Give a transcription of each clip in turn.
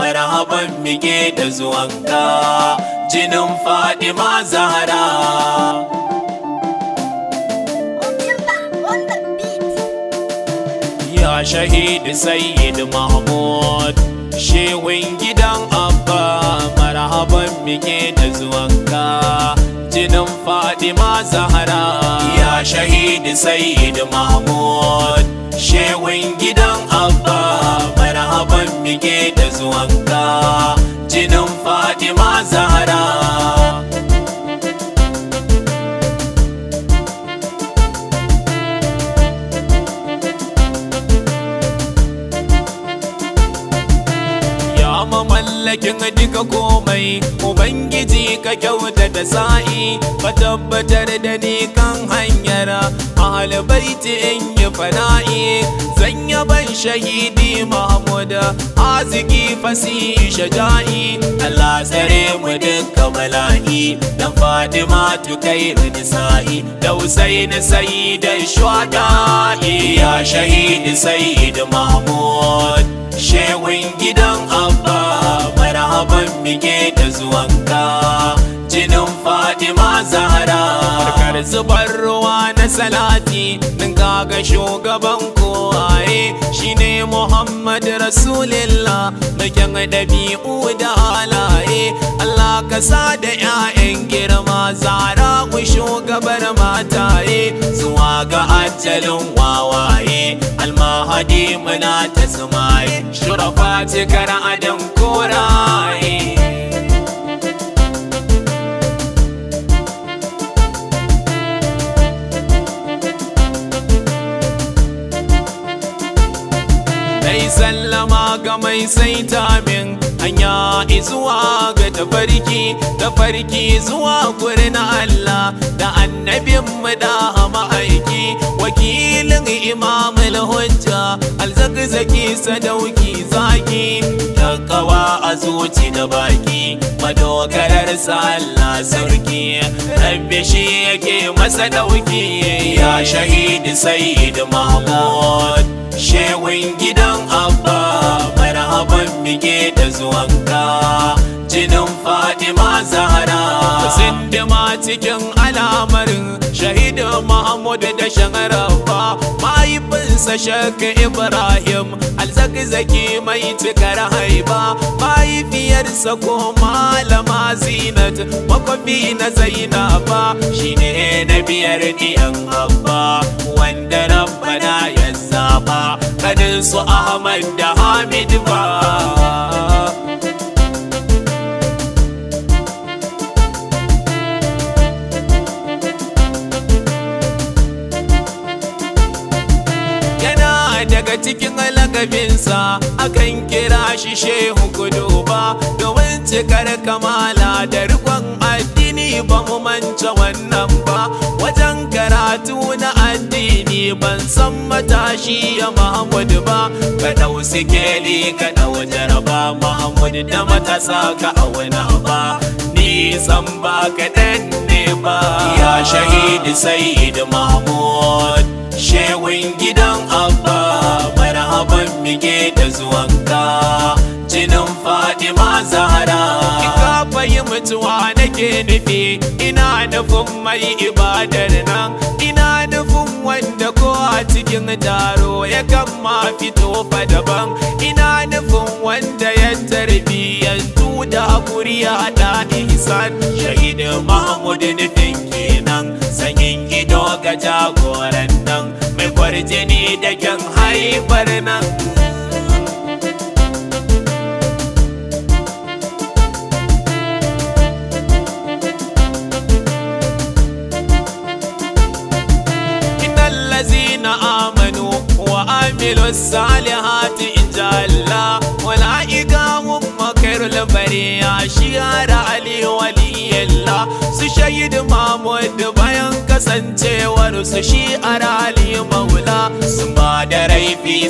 marhaban muke da zuwanka jinin fadima zahara ya shahidi sayyid mahmud shehun gidan abba marhaban muke da zuwanka jinin fadima zahara ya shahidi sayyid mahmud shehun gidan abba ban bike da zuwanka ka komai ubangiji ka kyauta da sa'i ka tabbatar da ni kan hanyar ahalibaiti in yi fana'i zan ban shahidi mahmud aziki fasi shaja'i Allah tsare mu dukkan mala'i dan fatima tukai nisa'i da husaini da shuhada'i ya shahidi da mahmud shewin gidan abba ban mike da zuwanka jinin fatima zahara barkar zubar ruwa na salati salati din kaga shugaban kowaye shine Muhammad Rasulillah magen kyan ɗabi'u da halaye Allah ka sa da 'ya'yan girma zara ku shugabar mata mataye zuwa ga ajalin wawaye almahadi muna ta sumaye shurafa cikar adam koraye ga mai saita min hanya zuwa ga tafarki tafarki zuwa gurin Allah da annabin mu da ma'aiki wakilin imam hujja alzakzaki sadauki zaki takawa a zuci da baki madogarar Allah sarki rabbi shi yake masa dauki ya shahidi sayyid mahmud shewin gidan abu bige da zuwanka jinin fatima zahara sindima cikin al'amarin shahidu mahamud da shahararwa mahaifinsa shakka ibrahim alzakzaki mai cikar haiba mahaifiyarsa ko malama zinat makwafi na zainaba shine na biyar diyan abba wanda rabbana ya zaba kanin su ahmad da hamid ba kafinsa akan kira shi shehu kudu ba domin cikar kamala da rikon addini ba mu manta wannan ba wajen karatu na addini ban san matashi ya Muhammadu ba ka dau sikeli ka dau jaraba Muhammadu da matasa ka auna ba nisan ba kaɗan ne ba ya shahidi sayyid mahmud shewin gidan abba ban mike da zuwanka jinin fatima zahara kika fayi mutuwa nake nufi ina nufin mai ibadar nan ina nufin wanda ko a cikin taro ya kama fito fa daban ina nufin wanda ya tarbi yanzu da hakuri ya haɗa ihsan shahidin mahmud nufin kenan sanyin ido ga jagoran nan برجني دجم هاي برما إن الذين آمنوا وعملوا الصالحات إن شاء الله ولا إقام مكر لبريا شيار علي ولي kasancewar su shi arali maula sun ba da raifi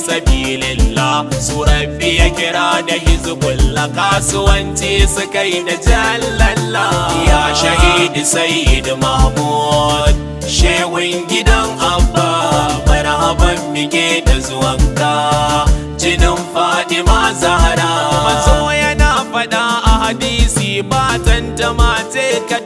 la su rafi ya kira da hizbullah kasuwanci su kai da jallalla ya shahidi sayyid mahmud shewin gidan abba marhaban muke da zuwanka jinin fatima zahara mazo yana fada a hadisi ba tantama ce ka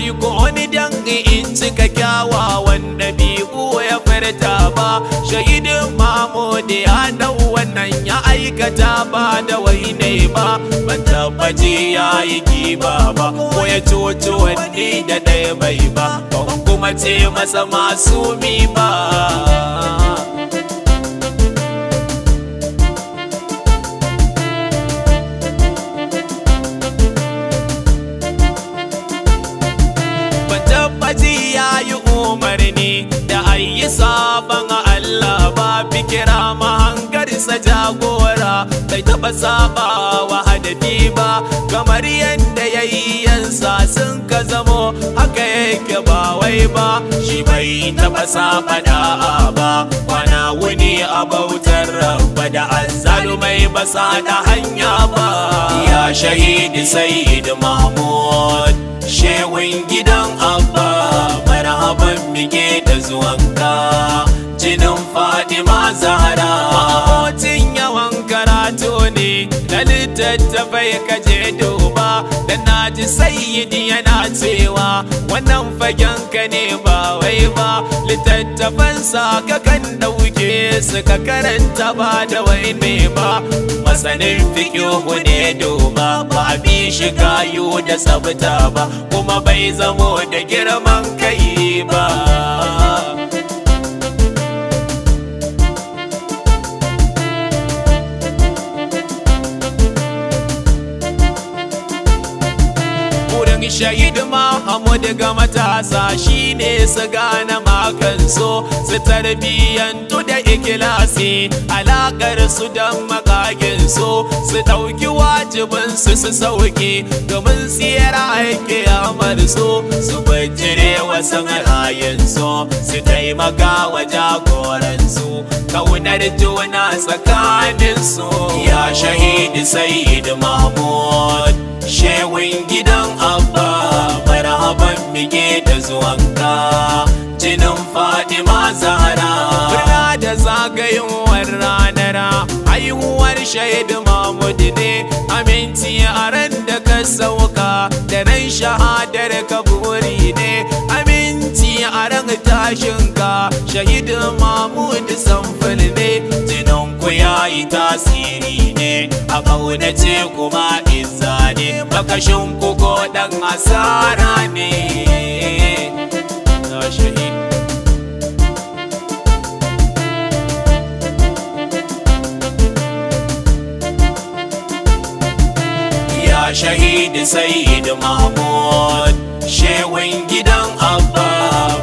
aiko wani dangi in cika kyawawan ɗabi'u ya furta ba shahidin mamo da ya dau wannan ya aikata ba da wai ne ba ban tabbaci ya yi kiba ba ko ya coci wani da ɗaya bai ba ban kuma ce masa masu ba masa jagora bai taɓa wa hadafi ba kamar yadda ya yi yansa sun ka zamo haka yake ba wai ba shi bai taba saba da'a ba kwana wuni a bautar rabba da zalu mai basa da hanya ba ya shahidi sayyid mahmud shewin gidan abba marhaban mike da zuwanka jinin Fatima Zahra Mahotin yawan karatu ne na littattafai ka je duba da na ji sayyidi yana cewa wannan fagen ka ne ba wai ba littattafansa ka kan dauke su ka karanta ba da wai ne ba masanin fikihu ne duba ba bi shi kayo da sabta ba kuma bai zamo da girman kai ba shahid Muhammad ga matasa shine su gane makan so su tarbiyyantu da ikilasi alakar su da makakin so su dauki wajibin su su sauki domin siyara ake amar so su bajire wasan ra'ayin so su taimaka wa jagoran su kaunar juna tsakanin su ya shahidi sayyid mahmud bige da zuwanka jinin fatima zahara murna da zagayowar ranar haihuwar shaidu mahmud ne aminti a ran da ka sauka da nan shahadar ka buri ne aminti a ran tashinka shahidu mahmud samfani tasiri ne a ce kuma izza ne makashin ku ko asara ne Ya shahidi Sayyid Mahmud, shewin gidan Abba,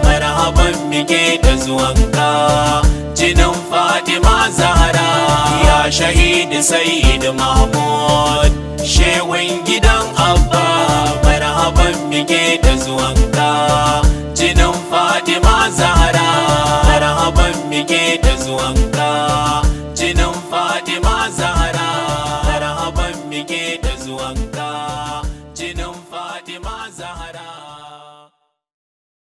marhaban mike da zuwanka, jinin Fatima za shahidi sayid mahmud shewin gidan abba marhaban mike da zuwanka